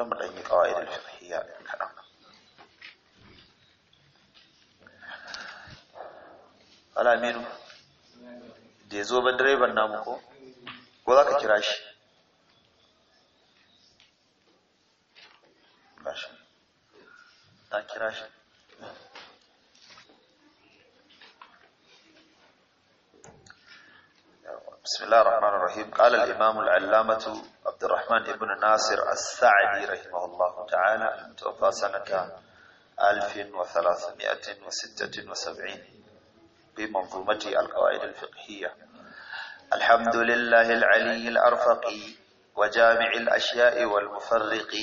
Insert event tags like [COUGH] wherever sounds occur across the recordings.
don mu ɗan yi ƙawai da kaɗan alaminu da ya zo direban namu ko ko za ka kira shi kira shi بسم الله الرحمن الرحيم قال الإمام العلامة عبد الرحمن بن ناصر السعدي رحمه الله تعالى المتوفى سنة 1376 بمنظومة القواعد الفقهية الحمد لله العلي الأرفقي وجامع الأشياء والمفرق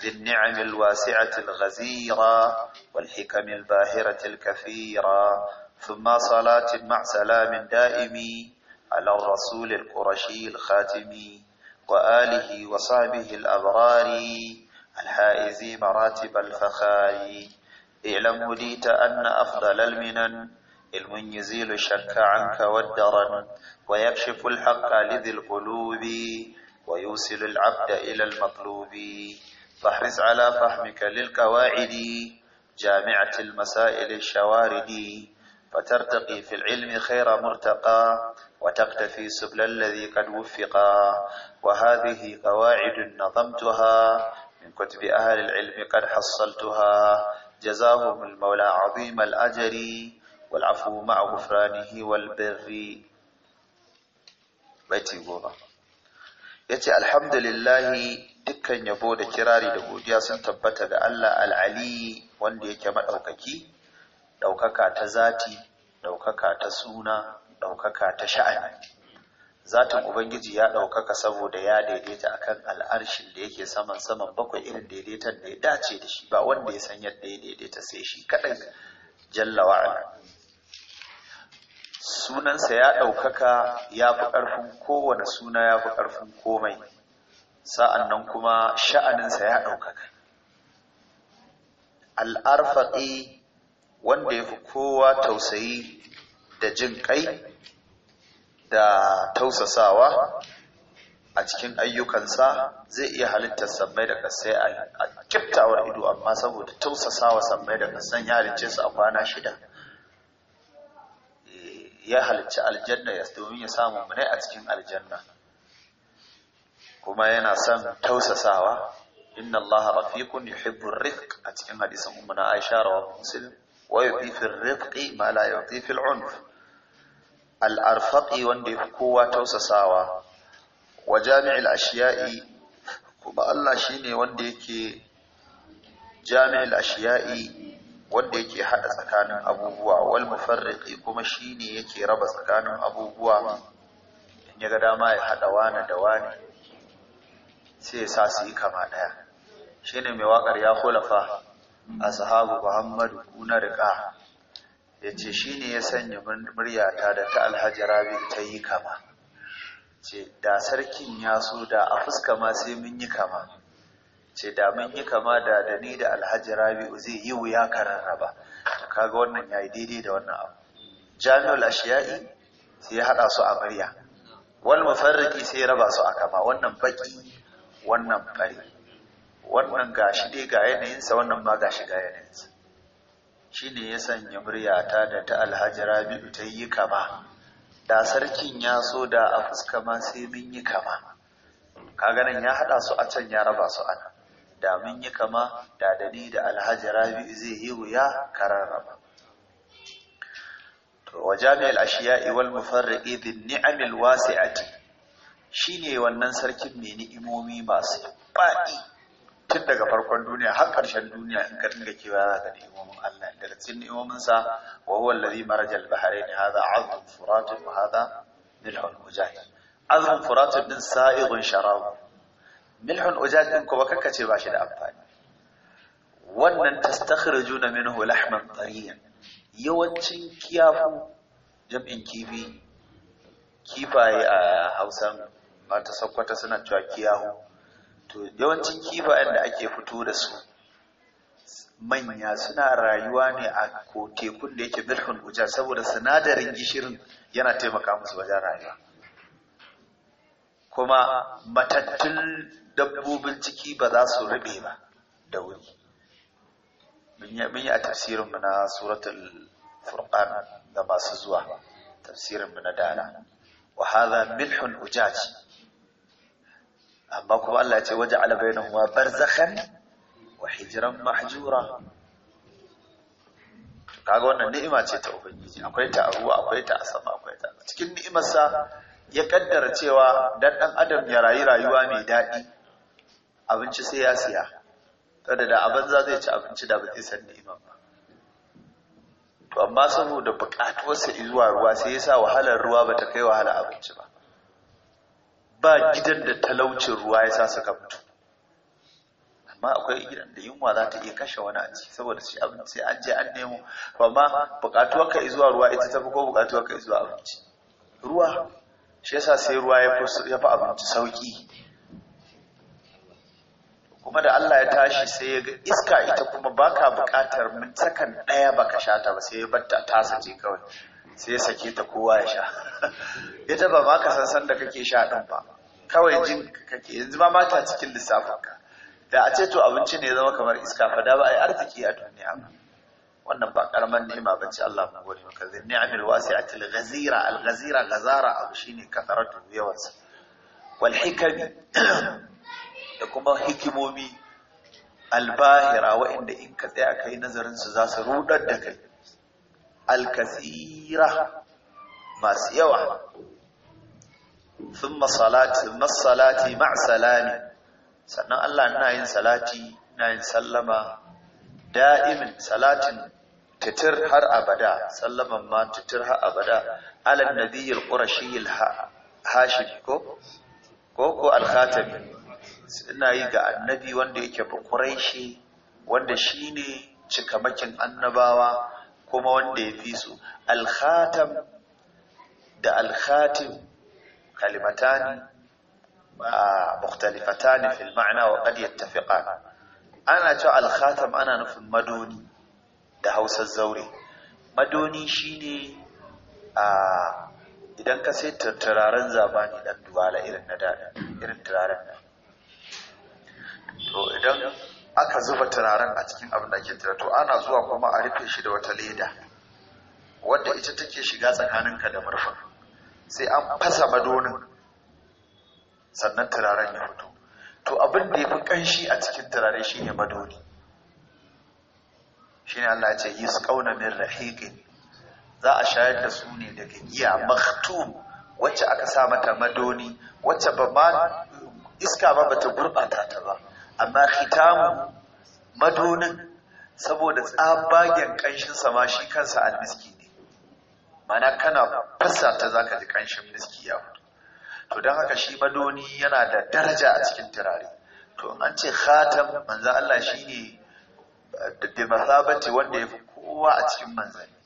ذي النعم الواسعة الغزيرة والحكم الباهرة الكثيرة ثم صلاة مع سلام دائم على الرسول القرشي الخاتمي وآله وصحبه الأبرار الحائز مراتب الفخار اعلم وليت أن أفضل المنن علم يزيل الشك عنك والدرن ويكشف الحق لذي القلوب ويوصل العبد إلى المطلوب فاحرص على فهمك للقواعد جامعة المسائل الشوارد فترتقي في العلم خير مرتقى وتقتفي سبل الذي قد وفقا وهذه قواعد نظمتها من كتب أهل العلم قد حصلتها جزاهم المولى عظيم الأجر والعفو مع غفرانه والبر baiti goma ya ce alhamdulillahi dukkan yabo da kirari da godiya sun tabbata ga Allah al'ali wanda yake maɗaukaki ɗaukaka ta zati ɗaukaka ta suna ɗaukaka ta sha'ani zatin ubangiji ya ɗaukaka saboda ya daidaita akan al'arshin da yake saman saman bakwai irin daidaitar da ya dace da shi ba wanda ya san yadda ya daidaita sai shi kaɗai jallawa sunansa ya ɗaukaka ya fi ƙarfin kowane suna ya fi ƙarfin komai sa'an nan kuma sha'aninsa ya ɗaukaka al'arfaɗi wanda ya fi kowa tausayi da jin kai da tausasawa a cikin ayyukansa zai iya halittar sammai da kasai a kiftawar ido amma saboda tausasawa sammai da kasan ya halicce su a kwana shida eh, ya halicci aljanna ya domin ya samu munai a cikin aljanna kuma yana son tausasawa inna Allah rafiqun yuhibbu rifq a cikin hadisin ummu na Aisha rawahu Muslim wa yudifu rifqi ma la yudifu al-unf al'arfaƙi wanda ya kowa tausasawa wa jami'il ashiya'i kuma Allah shi ne wanda yake jami'il ashiya'i wanda yake haɗa tsakanin abubuwa wal mufarriqi kuma shi ne yake raba tsakanin abubuwa in ya ga dama ya haɗa wani da wani sai ya sa su yi kama ɗaya shi ne mai waƙar ya kulafa a sahabu muhammadu kuna riƙa ya ce shi ne ya sanya muryata da ta alhaji rabi ta yi kama ce da sarkin ya so da a fuska ma sai mun yi kama ce da mun yi kama da da ni da alhaji rabi zai yi wuya kararraba kaga wannan ya yi daidai da wannan abu jami'ul ashiya'i sai ya haɗa su a murya wal mufarriki sai ya raba su a kama wannan baki wannan fari wannan gashi dai ga yanayinsa wannan ma gashi ga yanayinsa Shi ne ya sanya muryata da ta alhaji rabi'u ta yi kama da sarkin ya so da a fuska ma sai mun yi kama Ka ganin ya haɗa su a can ya raba su ana da mun yi kama da dani da alhaji rabi'u zai yi wuya kararraba to wa jami'al ashiya'i wal mufarriqi bin ni'amil wasi'ati shine wannan sarkin mai ni'imomi masu faɗi tun daga farkon duniya har ƙarshen duniya in ka dinga kewa za ka ni'imomin Allah daga cikin ni'imomin sa wa huwa allazi marajal bahrain hadha azm furat wa hadha milhun ujaj azm furat din sa'ighun sharab milhun ujaj din kuma ce ba shi da amfani wannan tastakhrijuna minhu lahman tariyan yawancin kiyafu jam'in kifi kifaye a Hausa mata sakkwata suna cewa kiyahu to yawancin kifayen da ake fito da su manya suna rayuwa ne a kotekun da yake bilhul guja saboda sinadarin gishirin yana taimaka musu wajen rayuwa kuma matattun dabbobin ciki ba za su rube ba da wuri mun yi a tafsirinmu na suratul furqan da masu zuwa tafsirinmu na dana wa hadha milhun ujaji amma kuma Allah ce waje alabaina kuma barzakhan wa hijran mahjura kaga wannan ni'ima ce ta ubangiji akwai ta a ruwa akwai ta a sama akwai ta cikin ni'imarsa ya kaddara cewa dan dan adam ya rayu rayuwa mai daɗi abinci sai ya siya kada da abin za zai ci abinci da ba san ni'ima ba to amma saboda buƙatuwarsa zuwa ruwa sai ya sa wahalar ruwa ba ta kai wahala abinci ba ba gidan da talaucin ruwa ya sa suka mutu amma akwai gidan da yunwa za ta iya kashe wani a saboda shi abin an je an nemo ma buƙatuwar ka zuwa ruwa ita tafi ko buƙatuwar ka zuwa abinci ruwa shi yasa sai ruwa ya fi abinci sauki kuma da Allah ya tashi sai ya ga iska ita kuma baka bukatar min sakan ba ka sha ta ba sai ya batta ta sace kawai sai ya sake ta kowa ya sha [LAUGHS] ita ba ma ka san san da kake sha din ba kawai jin kake yanzu ma mata cikin lissafinka da a ce to abinci ne ya zama kamar iska fa da ba a yi arziki a duniya ba wannan ba karamar ni'ima ba ce Allah mu gode maka zai ni'amil wasi'ati al-ghazira al-ghazira ghazara abu shine kasaratu yawansa wal hikami da kuma hikimomi albahira wa'inda in ka tsaya kai nazarin su za su rudar da kai al-kasira masu yawa thumma salati thumma salati ma'a salami sannan Allah ina yin salati ina yin sallama da'imin salatin titir har abada sallaman ma titir har abada ala nabiyyi al-qurashi al ko ko ko al-khatami ina yi ga annabi wanda yake bukuraishi wanda shine cikamakin annabawa kuma wanda ya fi su al-khatam da al-khatim kalimatan mukhtalifatan fil ma'na wa qad yattafiqan ana cewa al ana nufin madoni da Hausar zaure madoni shine a idan ka sai turaren zamani dan duwala irin turaren nan to idan aka zuba turaren a cikin abin da ake tira to ana zuwa kuma a rufe shi da wata leda wadda ita take shiga tsakaninka da murfin sai an fasa madonin sannan turaren ya fito to abin da ya fi ƙanshi a cikin turare shine madoni shine Allah ce yi su ƙauna min za a shayar da su ne daga giya maktum wacce aka sa mata madoni wacce ba ma iska ba bata gurɓata ta ba amma hitamu madonin saboda tsabagen ƙanshin sama shi kansa almiski mana kana fasa ta zaka ji kanshin miski ya fito to don haka shi madoni yana da daraja a cikin turare to an ce khatam manzo Allah shine eh, da masabati wanda yafi kowa a cikin manzanni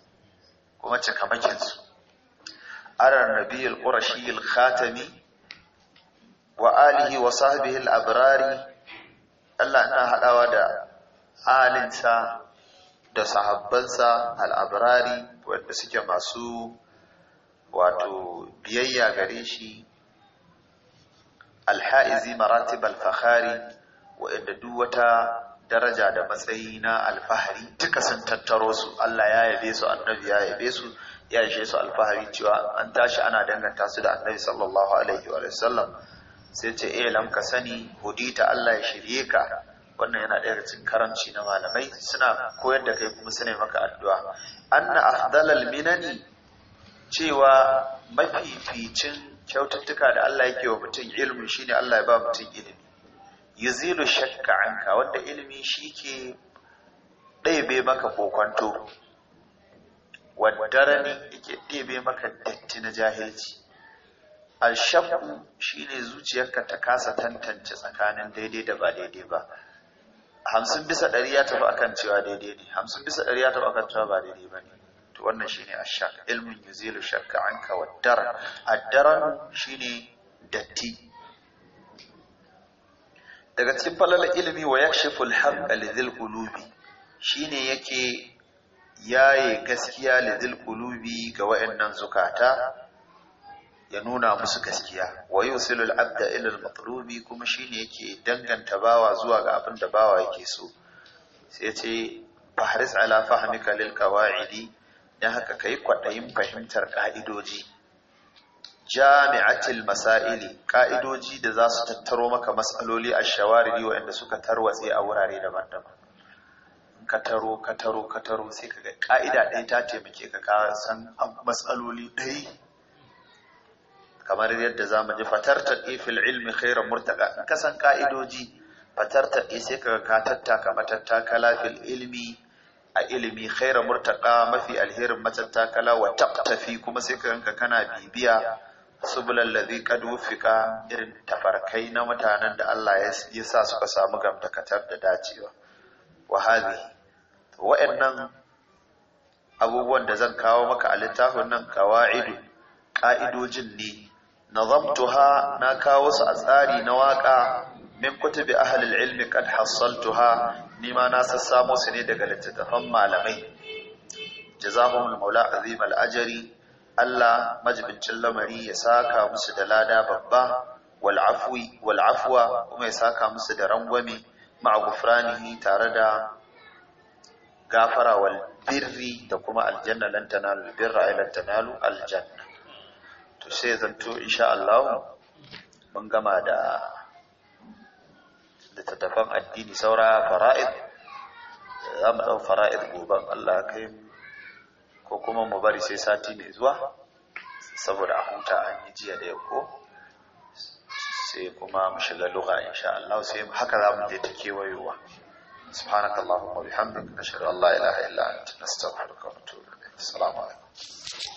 kuma cikamakin su aran nabiyul qurashi al khatami wa alihi wa sahbihi al abrari Allah ina hadawa da alinsa da sahabbansa al'abrari wadda suke masu wato biyayya gare shi alha'izi maratib al wadda duk wata daraja da matsayi na alfahari duka sun tattaro su Allah ya yabe su annabi ya yabe su ya yashe su alfahari cewa an tashi ana danganta su da annabi sallallahu alaihi wa sallam sai ce eh lamka ka sani hudita Allah ya shirye ka wannan yana ɗaya da cikin karanci na malamai suna koyar da kai kuma suna maka addu'a anna afdalal minani cewa mafificin kyaututtuka da Allah yake wa mutum shi shine Allah ya ba mutum ilimi yuzilu shakka anka wanda ilimi ke ɗebe maka kokonto wadarani yake ɗebe maka datti na jahilci al shakku shine zuciyarka ta kasa tantance tsakanin daidai da ba daidai ba hamsin bisa ɗari ya tafi akan cewa daidai ne hamsin bisa ɗari ya tafi akan cewa ba daidai ba ne to wannan shine ashak ilmin yuzilu shakka anka a darar shi shine datti daga cikin falal ilimi wa yakshifu a haqqa lidhil qulubi shine yake yaye gaskiya lidhil qulubi ga wayannan zukata ya nuna musu gaskiya wa yusilul abda ila al-matlubi kuma shine yake danganta bawa zuwa ga abin da bawa yake so sai ce fahris ala fahmika lil qawaidi dan haka kai kwadayin fahimtar ƙa'idoji jami'atil masaili ƙa'idoji da za su tattaro maka matsaloli a shawaridi waɗanda suka tarwatse a wurare daban-daban ka taro ka sai ka ka'ida ɗaya ta taimake ka ka san matsaloli ɗaya kamar yadda za mu ji fatartar taƙi fil ilmi khairan murtaka kasan ka'idoji fatartar sai kaga ka tattaka matattakala fil ilmi a ilimi khairan murtaka mafi alherin matattakala wa taqtafi kuma sai kana bibiya subulal ladhi qad wuffiqa irin tafarkai na mutanen da Allah ya sa suka samu gamtakatar da dacewa wa hadhihi wa'annan abubuwan da zan kawo maka a littafin nan kawa'idu ƙa'idojin ne tuha na kawo su a tsari na waka min kutubi ahlil ilmi kad hassaltuha ni ma na sassamo su ne daga littattafan malamai jazahumul maula azim al ajri Allah majibincin lamari ya saka musu da lada babba wal afwi wal afwa kuma ya saka musu da rangwame ma'a gufranihi tare da gafara birri da kuma aljanna lan tanalu birra ay lan sai zanto insha Allah mun gama da littattafan addini saura fara'id za mu ɗau fara'id goban Allah kai ko kuma mu bari sai sati mai zuwa saboda a huta an yi jiya da yau sai kuma mu shiga lugha insha Allah sai haka za mu je ta kewayowa سبحانك اللهم وبحمدك نشهد ان لا اله الا انت نستغفرك ونتوب اليك السلام عليكم